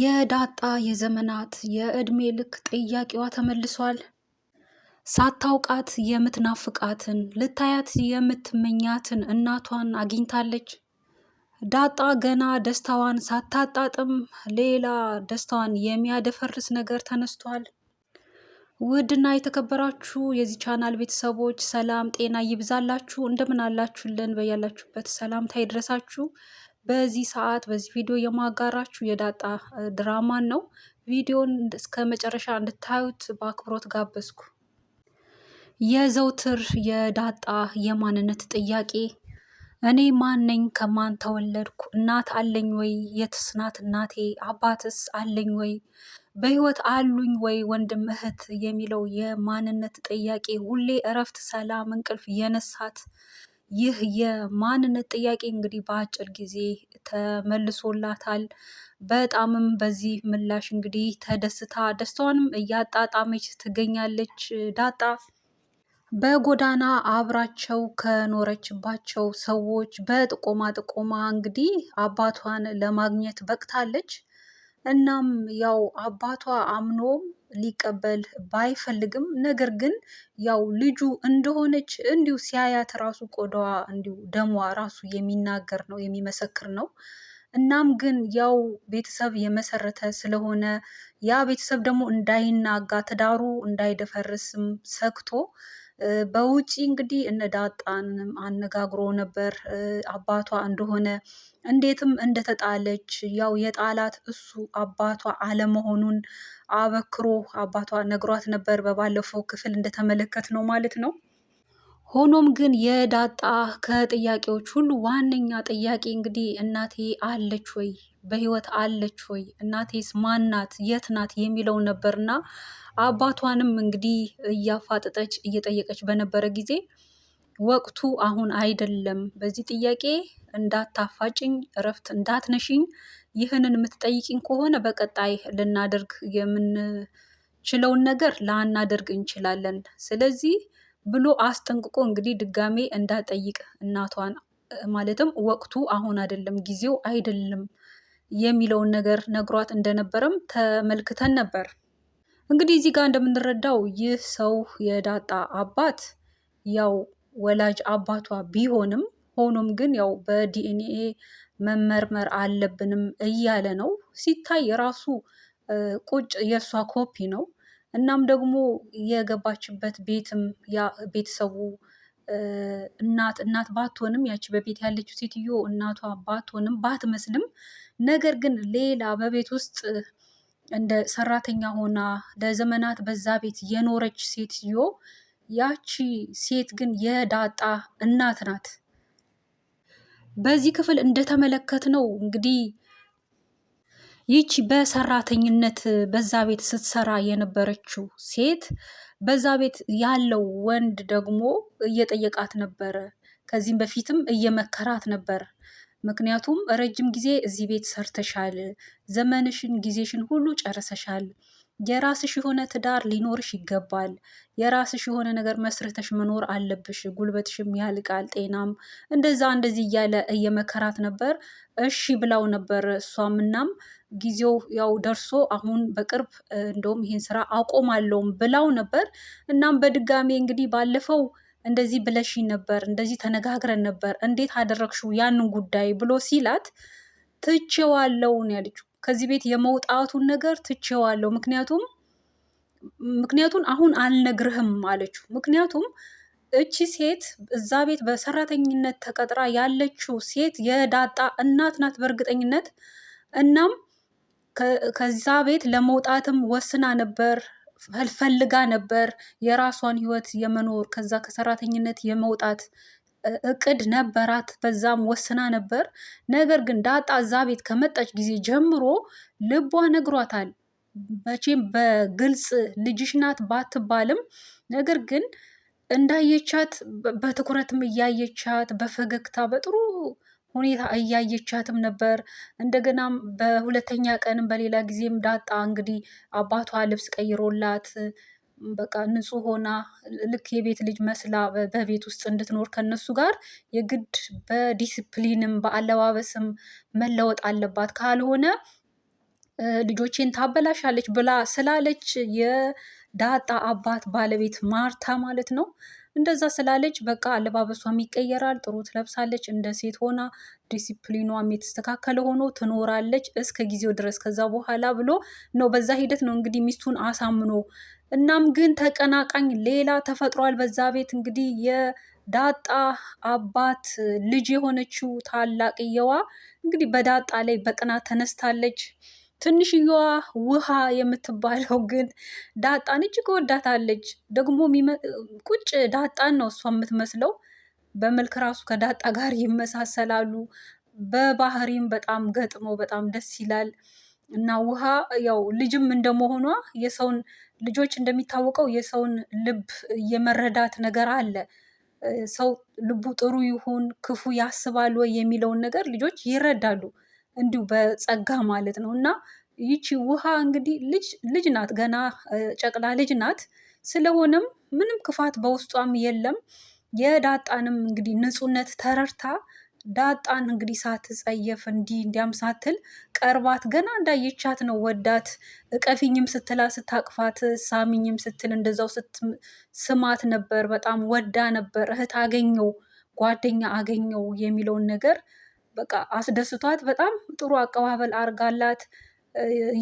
የዳጣ የዘመናት የዕድሜ ልክ ጥያቄዋ ተመልሷል። ሳታውቃት የምትናፍቃትን ልታያት የምትመኛትን እናቷን አግኝታለች። ዳጣ ገና ደስታዋን ሳታጣጥም ሌላ ደስታዋን የሚያደፈርስ ነገር ተነስቷል። ውድና የተከበራችሁ የዚህ ቻናል ቤተሰቦች ሰላም ጤና ይብዛላችሁ። እንደምን አላችሁልን? በያላችሁበት ሰላምታ ይድረሳችሁ። በዚህ ሰዓት በዚህ ቪዲዮ የማጋራችሁ የዳጣ ድራማን ነው። ቪዲዮን እስከ መጨረሻ እንድታዩት በአክብሮት ጋበዝኩ። የዘውትር የዳጣ የማንነት ጥያቄ እኔ ማን ነኝ ከማን ተወለድኩ? እናት አለኝ ወይ? የትስ ናት እናቴ? አባትስ አለኝ ወይ? በህይወት አሉኝ ወይ ወንድም እህት? የሚለው የማንነት ጥያቄ ሁሌ እረፍት፣ ሰላም፣ እንቅልፍ የነሳት ይህ የማንነት ጥያቄ እንግዲህ በአጭር ጊዜ ተመልሶላታል። በጣምም በዚህ ምላሽ እንግዲህ ተደስታ ደስታዋንም እያጣጣመች ትገኛለች ዳጣ። በጎዳና አብራቸው ከኖረችባቸው ሰዎች በጥቆማ ጥቆማ እንግዲህ አባቷን ለማግኘት በቅታለች። እናም ያው አባቷ አምኖም ሊቀበል ባይፈልግም ነገር ግን ያው ልጁ እንደሆነች እንዲሁ ሲያያት ራሱ ቆዳዋ እንዲሁ ደሟ ራሱ የሚናገር ነው የሚመሰክር ነው። እናም ግን ያው ቤተሰብ የመሰረተ ስለሆነ ያ ቤተሰብ ደግሞ እንዳይናጋ ትዳሩ እንዳይደፈርስም ሰግቶ በውጪ እንግዲህ እነ ዳጣንም አነጋግሮ ነበር አባቷ እንደሆነ እንዴትም እንደተጣለች ያው የጣላት እሱ አባቷ አለመሆኑን አበክሮ አባቷ ነግሯት ነበር በባለፈው ክፍል እንደተመለከት ነው ማለት ነው። ሆኖም ግን የዳጣ ከጥያቄዎች ሁሉ ዋነኛ ጥያቄ እንግዲህ እናቴ አለች ወይ በህይወት አለች ወይ እናቴስ ማናት የት ናት የሚለው ነበርና አባቷንም እንግዲህ እያፋጠጠች እየጠየቀች በነበረ ጊዜ ወቅቱ አሁን አይደለም፣ በዚህ ጥያቄ እንዳታፋጭኝ፣ እረፍት እንዳትነሽኝ፣ ይህንን የምትጠይቅኝ ከሆነ በቀጣይ ልናደርግ የምንችለውን ነገር ላናደርግ እንችላለን፣ ስለዚህ ብሎ አስጠንቅቆ እንግዲህ ድጋሜ እንዳጠይቅ እናቷን ማለትም ወቅቱ አሁን አይደለም፣ ጊዜው አይደለም የሚለውን ነገር ነግሯት እንደነበረም ተመልክተን ነበር። እንግዲህ እዚህ ጋር እንደምንረዳው ይህ ሰው የዳጣ አባት ያው ወላጅ አባቷ ቢሆንም ሆኖም ግን ያው በዲኤንኤ መመርመር አለብንም እያለ ነው። ሲታይ የራሱ ቁጭ የእሷ ኮፒ ነው። እናም ደግሞ የገባችበት ቤትም ቤተሰቡ እናት እናት ባትሆንም ያቺ በቤት ያለችው ሴትዮ እናቷ ባትሆንም ባትመስልም፣ ነገር ግን ሌላ በቤት ውስጥ እንደ ሰራተኛ ሆና ለዘመናት በዛ ቤት የኖረች ሴትዮ ያቺ ሴት ግን የዳጣ እናት ናት። በዚህ ክፍል እንደተመለከት ነው እንግዲህ ይቺ በሰራተኝነት በዛ ቤት ስትሰራ የነበረችው ሴት በዛ ቤት ያለው ወንድ ደግሞ እየጠየቃት ነበረ። ከዚህም በፊትም እየመከራት ነበር። ምክንያቱም ረጅም ጊዜ እዚህ ቤት ሰርተሻል፣ ዘመንሽን፣ ጊዜሽን ሁሉ ጨርሰሻል የራስሽ የሆነ ትዳር ሊኖርሽ ይገባል። የራስሽ የሆነ ነገር መስርተሽ መኖር አለብሽ። ጉልበትሽም ያልቃል፣ ጤናም እንደዛ እንደዚህ እያለ እየመከራት ነበር። እሺ ብላው ነበር እሷም። እናም ጊዜው ያው ደርሶ አሁን በቅርብ እንደውም ይህን ስራ አቆማለሁም ብላው ነበር። እናም በድጋሜ እንግዲህ ባለፈው እንደዚህ ብለሽ ነበር፣ እንደዚህ ተነጋግረን ነበር፣ እንዴት አደረግሽው ያንን ጉዳይ ብሎ ሲላት ትቼዋለሁ ነው ያለችው። ከዚህ ቤት የመውጣቱን ነገር ትቼዋለሁ። ምክንያቱም ምክንያቱን አሁን አልነግርህም አለችው። ምክንያቱም እቺ ሴት እዛ ቤት በሰራተኝነት ተቀጥራ ያለችው ሴት የዳጣ እናት ናት በእርግጠኝነት። እናም ከዛ ቤት ለመውጣትም ወስና ነበር ፈልጋ ነበር የራሷን ህይወት የመኖር ከዛ ከሰራተኝነት የመውጣት እቅድ ነበራት፣ በዛም ወስና ነበር። ነገር ግን ዳጣ እዛ ቤት ከመጣች ጊዜ ጀምሮ ልቧ ነግሯታል። መቼም በግልጽ ልጅሽ ናት ባትባልም ነገር ግን እንዳየቻት በትኩረትም እያየቻት በፈገግታ በጥሩ ሁኔታ እያየቻትም ነበር። እንደገናም በሁለተኛ ቀንም በሌላ ጊዜም ዳጣ እንግዲህ አባቷ ልብስ ቀይሮላት በቃ ንጹህ ሆና ልክ የቤት ልጅ መስላ በቤት ውስጥ እንድትኖር ከነሱ ጋር የግድ በዲስፕሊንም በአለባበስም መለወጥ አለባት። ካልሆነ ልጆቼን ታበላሻለች ብላ ስላለች የዳጣ አባት ባለቤት ማርታ ማለት ነው እንደዛ ስላለች በቃ አለባበሷም ይቀየራል፣ ጥሩ ትለብሳለች፣ እንደ ሴት ሆና ዲሲፕሊኗም የተስተካከለ ሆኖ ትኖራለች እስከ ጊዜው ድረስ ከዛ በኋላ ብሎ ነው። በዛ ሂደት ነው እንግዲህ ሚስቱን አሳምኖ እናም ግን ተቀናቃኝ ሌላ ተፈጥሯል። በዛ ቤት እንግዲህ የዳጣ አባት ልጅ የሆነችው ታላቅየዋ እንግዲህ በዳጣ ላይ በቅናት ተነስታለች። ትንሽየዋ ውሃ የምትባለው ግን ዳጣን እጅግ ወዳታለች። ደግሞ ቁጭ ዳጣን ነው እሷ የምትመስለው። በመልክ ራሱ ከዳጣ ጋር ይመሳሰላሉ። በባህሪም በጣም ገጥሞ በጣም ደስ ይላል። እና ውሃ ያው ልጅም እንደመሆኗ የሰውን ልጆች እንደሚታወቀው የሰውን ልብ የመረዳት ነገር አለ። ሰው ልቡ ጥሩ ይሁን ክፉ ያስባል ወይ የሚለውን ነገር ልጆች ይረዳሉ። እንዲሁ በጸጋ ማለት ነው። እና ይቺ ውሃ እንግዲህ ልጅ ልጅ ናት፣ ገና ጨቅላ ልጅ ናት። ስለሆነም ምንም ክፋት በውስጧም የለም። የዳጣንም እንግዲህ ንጹህነት ተረድታ ዳጣን እንግዲህ ሳትጸየፍ እንዲህ እንዲያም ሳትል ቀርባት ገና እንዳየቻት ነው ወዳት እቀፊኝም ስትላ ስታቅፋት ሳሚኝም ስትል እንደዛው ስማት ነበር። በጣም ወዳ ነበር። እህት አገኘው ጓደኛ አገኘው የሚለውን ነገር በቃ አስደስቷት በጣም ጥሩ አቀባበል አርጋላት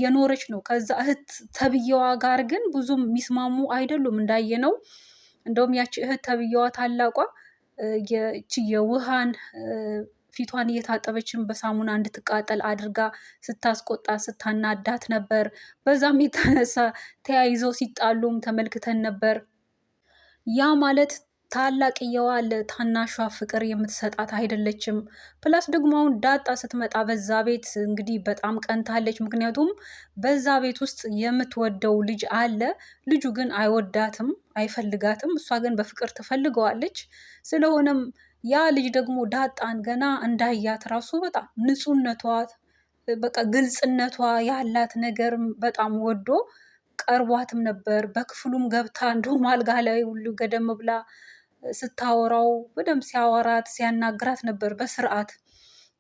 የኖረች ነው። ከዛ እህት ተብዬዋ ጋር ግን ብዙም የሚስማሙ አይደሉም እንዳየ ነው። እንደውም ያቺ እህት ተብዬዋ ታላቋ የቺ የውሃን ፊቷን እየታጠበችን በሳሙና እንድትቃጠል አድርጋ ስታስቆጣ ስታናዳት ነበር። በዛም የተነሳ ተያይዘው ሲጣሉም ተመልክተን ነበር። ያ ማለት ታላቅየዋ ለታናሿ ፍቅር የምትሰጣት አይደለችም። ፕላስ ደግሞ አሁን ዳጣ ስትመጣ በዛ ቤት እንግዲህ በጣም ቀንታለች። ምክንያቱም በዛ ቤት ውስጥ የምትወደው ልጅ አለ። ልጁ ግን አይወዳትም፣ አይፈልጋትም። እሷ ግን በፍቅር ትፈልገዋለች። ስለሆነም ያ ልጅ ደግሞ ዳጣን ገና እንዳያት ራሱ በጣም ንጹሕነቷ፣ በቃ ግልጽነቷ ያላት ነገር በጣም ወዶ ቀርቧትም ነበር። በክፍሉም ገብታ እንደውም አልጋ ላይ ሁሉ ገደም ብላ ስታወራው በደንብ ሲያወራት ሲያናግራት ነበር በስርዓት።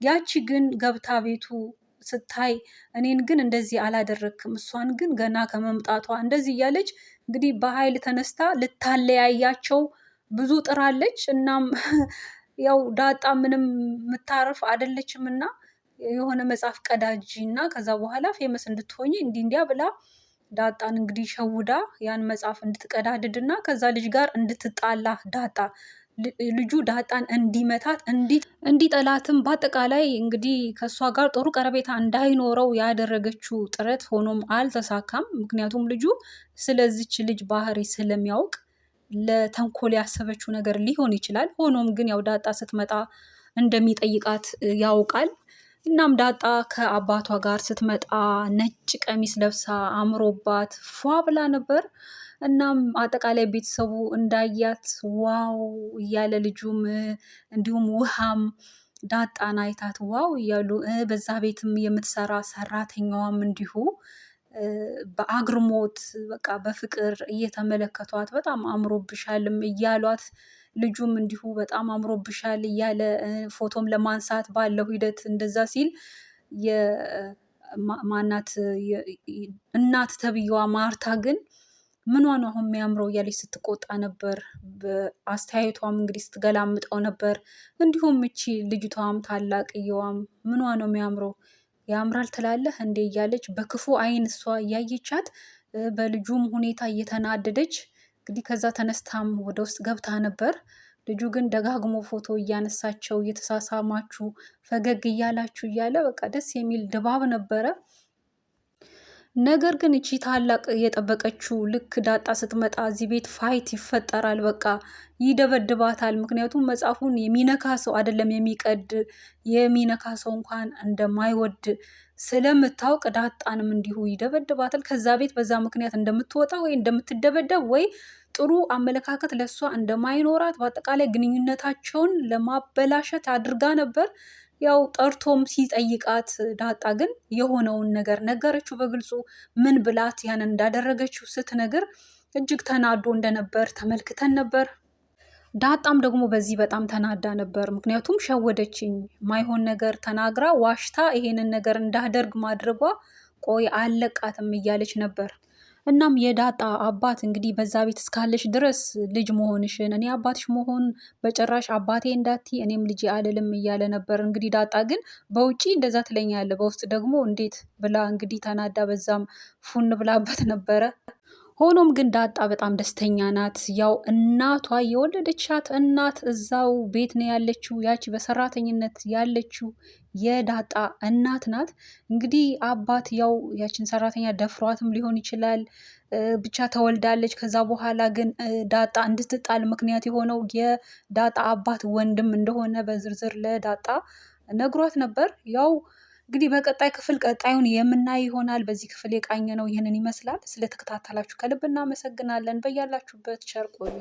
ያቺ ግን ገብታ ቤቱ ስታይ እኔን ግን እንደዚህ አላደረክም፣ እሷን ግን ገና ከመምጣቷ እንደዚህ እያለች እንግዲህ በኃይል ተነስታ ልታለያያቸው ብዙ ጥራለች። እናም ያው ዳጣ ምንም የምታርፍ አይደለችም እና የሆነ መጽሐፍ ቀዳጅ እና ከዛ በኋላ ፌመስ እንድትሆኝ እንዲህ እንዲያ ብላ ዳጣን እንግዲህ ሸውዳ ያን መጽሐፍ እንድትቀዳድድና ከዛ ልጅ ጋር እንድትጣላ ዳጣ ልጁ ዳጣን እንዲመታት እንዲጠላትም በአጠቃላይ እንግዲህ ከእሷ ጋር ጥሩ ቀረቤታ እንዳይኖረው ያደረገችው ጥረት ሆኖም አልተሳካም። ምክንያቱም ልጁ ስለዚች ልጅ ባህሪ ስለሚያውቅ ለተንኮል ያሰበችው ነገር ሊሆን ይችላል። ሆኖም ግን ያው ዳጣ ስትመጣ እንደሚጠይቃት ያውቃል። እናም ዳጣ ከአባቷ ጋር ስትመጣ ነጭ ቀሚስ ለብሳ አምሮባት ፏ ብላ ነበር። እናም አጠቃላይ ቤተሰቡ እንዳያት ዋው እያለ ልጁም እንዲሁም ውሃም ዳጣን አይታት ዋው እያሉ በዛ ቤትም የምትሰራ ሰራተኛዋም እንዲሁ በአግርሞት በቃ በፍቅር እየተመለከቷት በጣም አምሮብሻልም እያሏት ልጁም እንዲሁ በጣም አምሮብሻል እያለ ፎቶም ለማንሳት ባለው ሂደት እንደዛ ሲል ማናት እናት ተብዬዋ ማርታ ግን ምኗ ነው አሁን የሚያምረው እያለች ስትቆጣ ነበር። አስተያየቷም እንግዲህ ስትገላምጠው ነበር። እንዲሁም እቺ ልጅቷም ታላቅየዋም ምኗ ነው የሚያምረው ያምራል ትላለህ እንዴ እያለች በክፉ አይን እሷ እያየቻት በልጁም ሁኔታ እየተናደደች እንግዲህ ከዛ ተነስታም ወደ ውስጥ ገብታ ነበር። ልጁ ግን ደጋግሞ ፎቶ እያነሳቸው እየተሳሳማችሁ ፈገግ እያላችሁ እያለ በቃ ደስ የሚል ድባብ ነበረ። ነገር ግን እቺ ታላቅ የጠበቀችው ልክ ዳጣ ስትመጣ እዚህ ቤት ፋይት ይፈጠራል፣ በቃ ይደበድባታል። ምክንያቱም መጽሐፉን የሚነካ ሰው አይደለም የሚቀድ የሚነካ ሰው እንኳን እንደማይወድ ስለምታውቅ ዳጣንም እንዲሁ ይደበድባታል። ከዛ ቤት በዛ ምክንያት እንደምትወጣ ወይ እንደምትደበደብ ወይ ጥሩ አመለካከት ለእሷ እንደማይኖራት በአጠቃላይ ግንኙነታቸውን ለማበላሸት አድርጋ ነበር። ያው ጠርቶም ሲጠይቃት ዳጣ ግን የሆነውን ነገር ነገረችው። በግልጹ ምን ብላት ያን እንዳደረገችው ስትነግር እጅግ ተናዶ እንደነበር ተመልክተን ነበር። ዳጣም ደግሞ በዚህ በጣም ተናዳ ነበር። ምክንያቱም ሸወደችኝ፣ ማይሆን ነገር ተናግራ ዋሽታ ይሄንን ነገር እንዳደርግ ማድረጓ ቆይ አለቃትም እያለች ነበር። እናም የዳጣ አባት እንግዲህ በዛ ቤት እስካለሽ ድረስ ልጅ መሆንሽን እኔ አባትሽ መሆን በጭራሽ አባቴ እንዳቲ እኔም ልጅ አልልም እያለ ነበር። እንግዲህ ዳጣ ግን በውጪ እንደዛ ትለኛለ፣ በውስጥ ደግሞ እንዴት ብላ እንግዲህ ተናዳ በዛም ፉን ብላበት ነበረ። ሆኖም ግን ዳጣ በጣም ደስተኛ ናት። ያው እናቷ የወለደቻት እናት እዛው ቤት ነው ያለችው። ያቺ በሰራተኝነት ያለችው የዳጣ እናት ናት። እንግዲህ አባት ያው ያችን ሰራተኛ ደፍሯትም ሊሆን ይችላል ብቻ ተወልዳለች። ከዛ በኋላ ግን ዳጣ እንድትጣል ምክንያት የሆነው የዳጣ አባት ወንድም እንደሆነ በዝርዝር ለዳጣ ነግሯት ነበር ያው እንግዲህ በቀጣይ ክፍል ቀጣዩን የምናይ ይሆናል። በዚህ ክፍል የቃኘ ነው ይህንን ይመስላል። ስለተከታተላችሁ ከልብ እናመሰግናለን። በያላችሁበት ቸር ቆዩ።